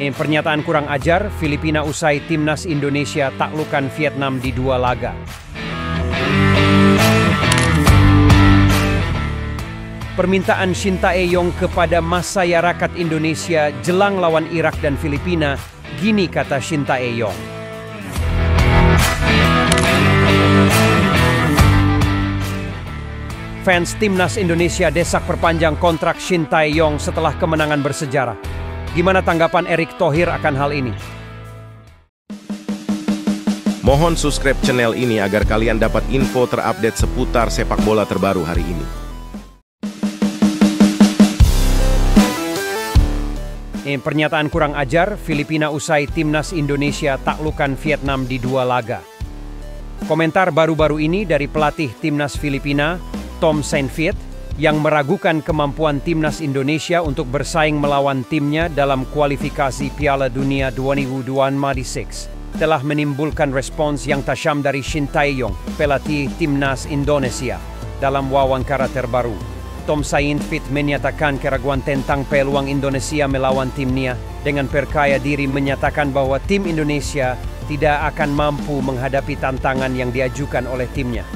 Eh, pernyataan kurang ajar, Filipina usai timnas Indonesia taklukan Vietnam di dua laga. Permintaan Shin Taeyong kepada masyarakat Indonesia jelang lawan Irak dan Filipina, gini kata Shin Taeyong. Fans timnas Indonesia desak perpanjang kontrak Shin Tae-yong setelah kemenangan bersejarah. Gimana tanggapan Erick Thohir akan hal ini? Mohon subscribe channel ini agar kalian dapat info terupdate seputar sepak bola terbaru hari ini. Ini eh, pernyataan kurang ajar, Filipina usai timnas Indonesia taklukan Vietnam di dua laga. Komentar baru-baru ini dari pelatih timnas Filipina, Tom Saint Saintfiet, yang meragukan kemampuan timnas Indonesia untuk bersaing melawan timnya dalam kualifikasi Piala Dunia 2026 telah menimbulkan respons yang tajam dari Shin Taeyong, pelatih timnas Indonesia. Dalam wawancara terbaru, Tom Fit menyatakan keraguan tentang peluang Indonesia melawan timnya dengan perkaya diri menyatakan bahwa tim Indonesia tidak akan mampu menghadapi tantangan yang diajukan oleh timnya.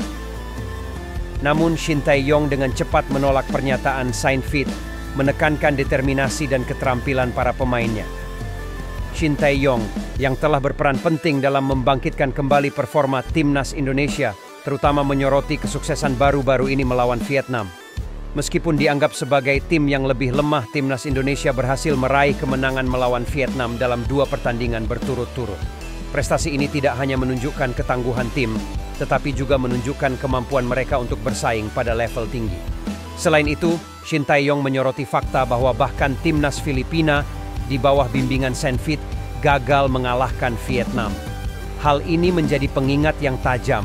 Namun Shin Tae-yong dengan cepat menolak pernyataan Seinfeld, menekankan determinasi dan keterampilan para pemainnya. Shin Tae-yong yang telah berperan penting dalam membangkitkan kembali performa timnas Indonesia, terutama menyoroti kesuksesan baru-baru ini melawan Vietnam. Meskipun dianggap sebagai tim yang lebih lemah, timnas Indonesia berhasil meraih kemenangan melawan Vietnam dalam dua pertandingan berturut-turut. Prestasi ini tidak hanya menunjukkan ketangguhan tim, tetapi juga menunjukkan kemampuan mereka untuk bersaing pada level tinggi. Selain itu, Shin Tae-yong menyoroti fakta bahwa bahkan timnas Filipina di bawah bimbingan Senfit gagal mengalahkan Vietnam. Hal ini menjadi pengingat yang tajam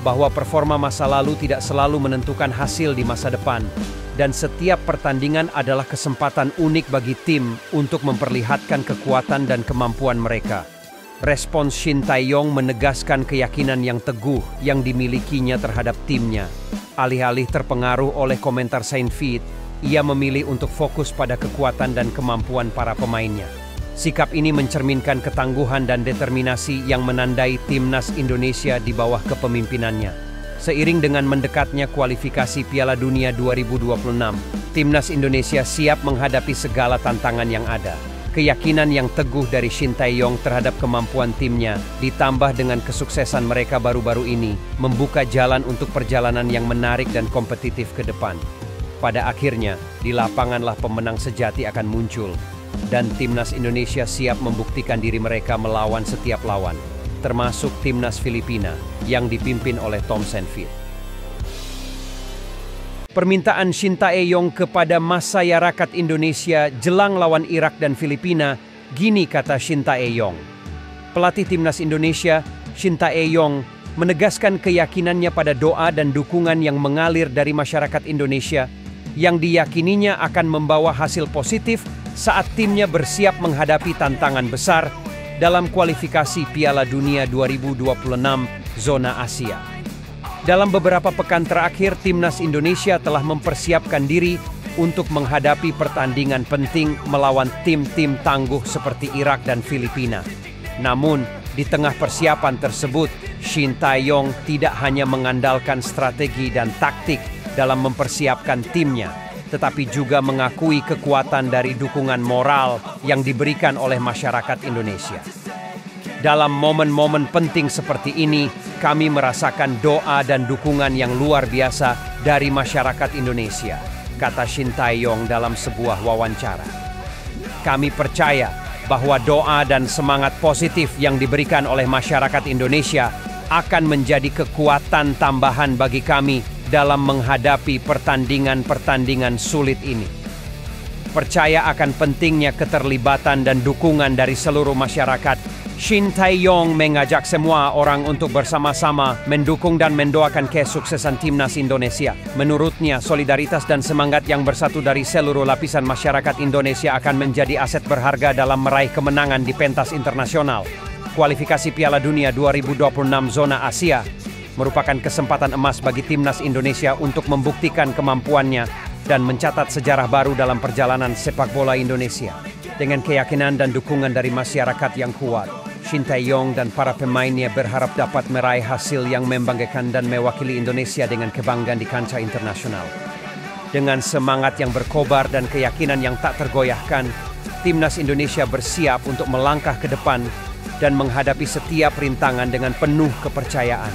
bahwa performa masa lalu tidak selalu menentukan hasil di masa depan dan setiap pertandingan adalah kesempatan unik bagi tim untuk memperlihatkan kekuatan dan kemampuan mereka. Respons Shin Taeyong menegaskan keyakinan yang teguh yang dimilikinya terhadap timnya. Alih-alih terpengaruh oleh komentar Saint Feet, ia memilih untuk fokus pada kekuatan dan kemampuan para pemainnya. Sikap ini mencerminkan ketangguhan dan determinasi yang menandai timnas Indonesia di bawah kepemimpinannya. Seiring dengan mendekatnya kualifikasi Piala Dunia 2026, timnas Indonesia siap menghadapi segala tantangan yang ada. Keyakinan yang teguh dari Shin Tae-yong terhadap kemampuan timnya, ditambah dengan kesuksesan mereka baru-baru ini, membuka jalan untuk perjalanan yang menarik dan kompetitif ke depan. Pada akhirnya, di lapanganlah pemenang sejati akan muncul, dan timnas Indonesia siap membuktikan diri mereka melawan setiap lawan, termasuk timnas Filipina yang dipimpin oleh Tom Senfield. Permintaan Shinta Shintaeyong kepada masyarakat Indonesia jelang lawan Irak dan Filipina, gini kata Shinta Shintaeyong. Pelatih timnas Indonesia, Shinta Shintaeyong, menegaskan keyakinannya pada doa dan dukungan yang mengalir dari masyarakat Indonesia yang diyakininya akan membawa hasil positif saat timnya bersiap menghadapi tantangan besar dalam kualifikasi Piala Dunia 2026 zona Asia. Dalam beberapa pekan terakhir, timnas Indonesia telah mempersiapkan diri untuk menghadapi pertandingan penting melawan tim-tim tangguh seperti Irak dan Filipina. Namun, di tengah persiapan tersebut, Shin Tae-yong tidak hanya mengandalkan strategi dan taktik dalam mempersiapkan timnya, tetapi juga mengakui kekuatan dari dukungan moral yang diberikan oleh masyarakat Indonesia. Dalam momen-momen penting seperti ini, kami merasakan doa dan dukungan yang luar biasa dari masyarakat Indonesia, kata Shin Tae-yong dalam sebuah wawancara. Kami percaya bahwa doa dan semangat positif yang diberikan oleh masyarakat Indonesia akan menjadi kekuatan tambahan bagi kami dalam menghadapi pertandingan-pertandingan sulit ini. Percaya akan pentingnya keterlibatan dan dukungan dari seluruh masyarakat Shin Tae-yong mengajak semua orang untuk bersama-sama mendukung dan mendoakan kesuksesan timnas Indonesia. Menurutnya, solidaritas dan semangat yang bersatu dari seluruh lapisan masyarakat Indonesia akan menjadi aset berharga dalam meraih kemenangan di pentas internasional. Kualifikasi Piala Dunia 2026 zona Asia merupakan kesempatan emas bagi timnas Indonesia untuk membuktikan kemampuannya dan mencatat sejarah baru dalam perjalanan sepak bola Indonesia dengan keyakinan dan dukungan dari masyarakat yang kuat. Yong dan para pemainnya berharap dapat meraih hasil yang membanggakan dan mewakili Indonesia dengan kebanggaan di kancah internasional. Dengan semangat yang berkobar dan keyakinan yang tak tergoyahkan, timnas Indonesia bersiap untuk melangkah ke depan dan menghadapi setiap rintangan dengan penuh kepercayaan.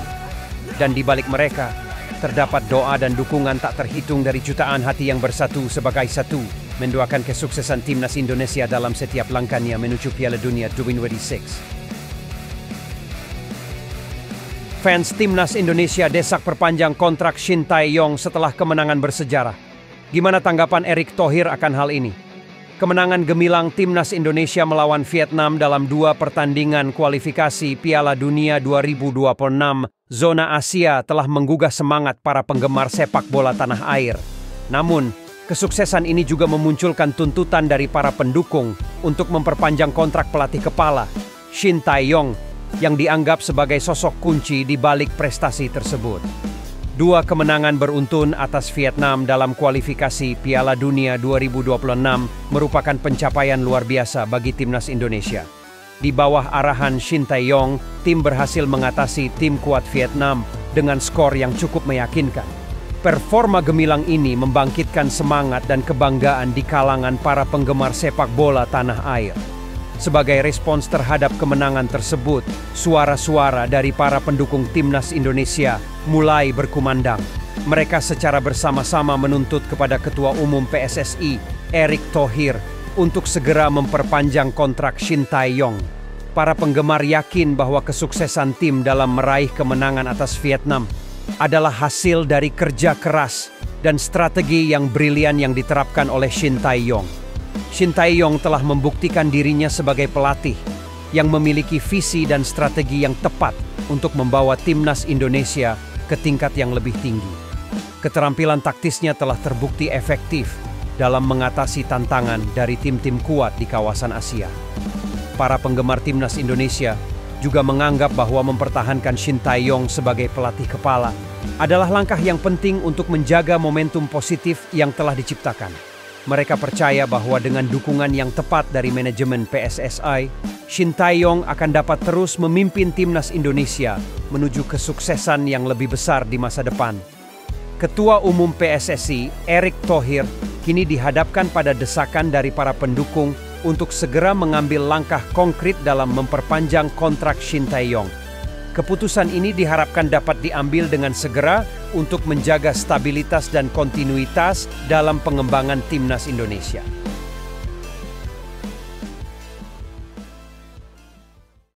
Dan di balik mereka, terdapat doa dan dukungan tak terhitung dari jutaan hati yang bersatu sebagai satu mendoakan kesuksesan timnas Indonesia dalam setiap langkahnya menuju Piala Dunia 2026. fans timnas Indonesia desak perpanjang kontrak Shin Tae-yong setelah kemenangan bersejarah. Gimana tanggapan Erick Thohir akan hal ini? Kemenangan gemilang timnas Indonesia melawan Vietnam dalam dua pertandingan kualifikasi Piala Dunia 2026 zona Asia telah menggugah semangat para penggemar sepak bola tanah air. Namun, kesuksesan ini juga memunculkan tuntutan dari para pendukung untuk memperpanjang kontrak pelatih kepala, Shin Tae-yong, yang dianggap sebagai sosok kunci di balik prestasi tersebut. Dua kemenangan beruntun atas Vietnam dalam kualifikasi Piala Dunia 2026 merupakan pencapaian luar biasa bagi timnas Indonesia. Di bawah arahan Shin Tae-yong, tim berhasil mengatasi tim kuat Vietnam dengan skor yang cukup meyakinkan. Performa gemilang ini membangkitkan semangat dan kebanggaan di kalangan para penggemar sepak bola tanah air. Sebagai respons terhadap kemenangan tersebut, suara-suara dari para pendukung timnas Indonesia mulai berkumandang. Mereka secara bersama-sama menuntut kepada Ketua Umum PSSI, Erick Thohir, untuk segera memperpanjang kontrak Shin Tae-yong. Para penggemar yakin bahwa kesuksesan tim dalam meraih kemenangan atas Vietnam adalah hasil dari kerja keras dan strategi yang brilian yang diterapkan oleh Shin Tae-yong. Shin Tae-yong telah membuktikan dirinya sebagai pelatih yang memiliki visi dan strategi yang tepat untuk membawa timnas Indonesia ke tingkat yang lebih tinggi. Keterampilan taktisnya telah terbukti efektif dalam mengatasi tantangan dari tim-tim kuat di kawasan Asia. Para penggemar timnas Indonesia juga menganggap bahwa mempertahankan Shin Tae-yong sebagai pelatih kepala adalah langkah yang penting untuk menjaga momentum positif yang telah diciptakan. Mereka percaya bahwa dengan dukungan yang tepat dari manajemen PSSI, Shin Tae-yong akan dapat terus memimpin timnas Indonesia menuju kesuksesan yang lebih besar di masa depan. Ketua Umum PSSI, Erick Thohir, kini dihadapkan pada desakan dari para pendukung untuk segera mengambil langkah konkret dalam memperpanjang kontrak Shin Tae-yong. Keputusan ini diharapkan dapat diambil dengan segera untuk menjaga stabilitas dan kontinuitas dalam pengembangan timnas Indonesia.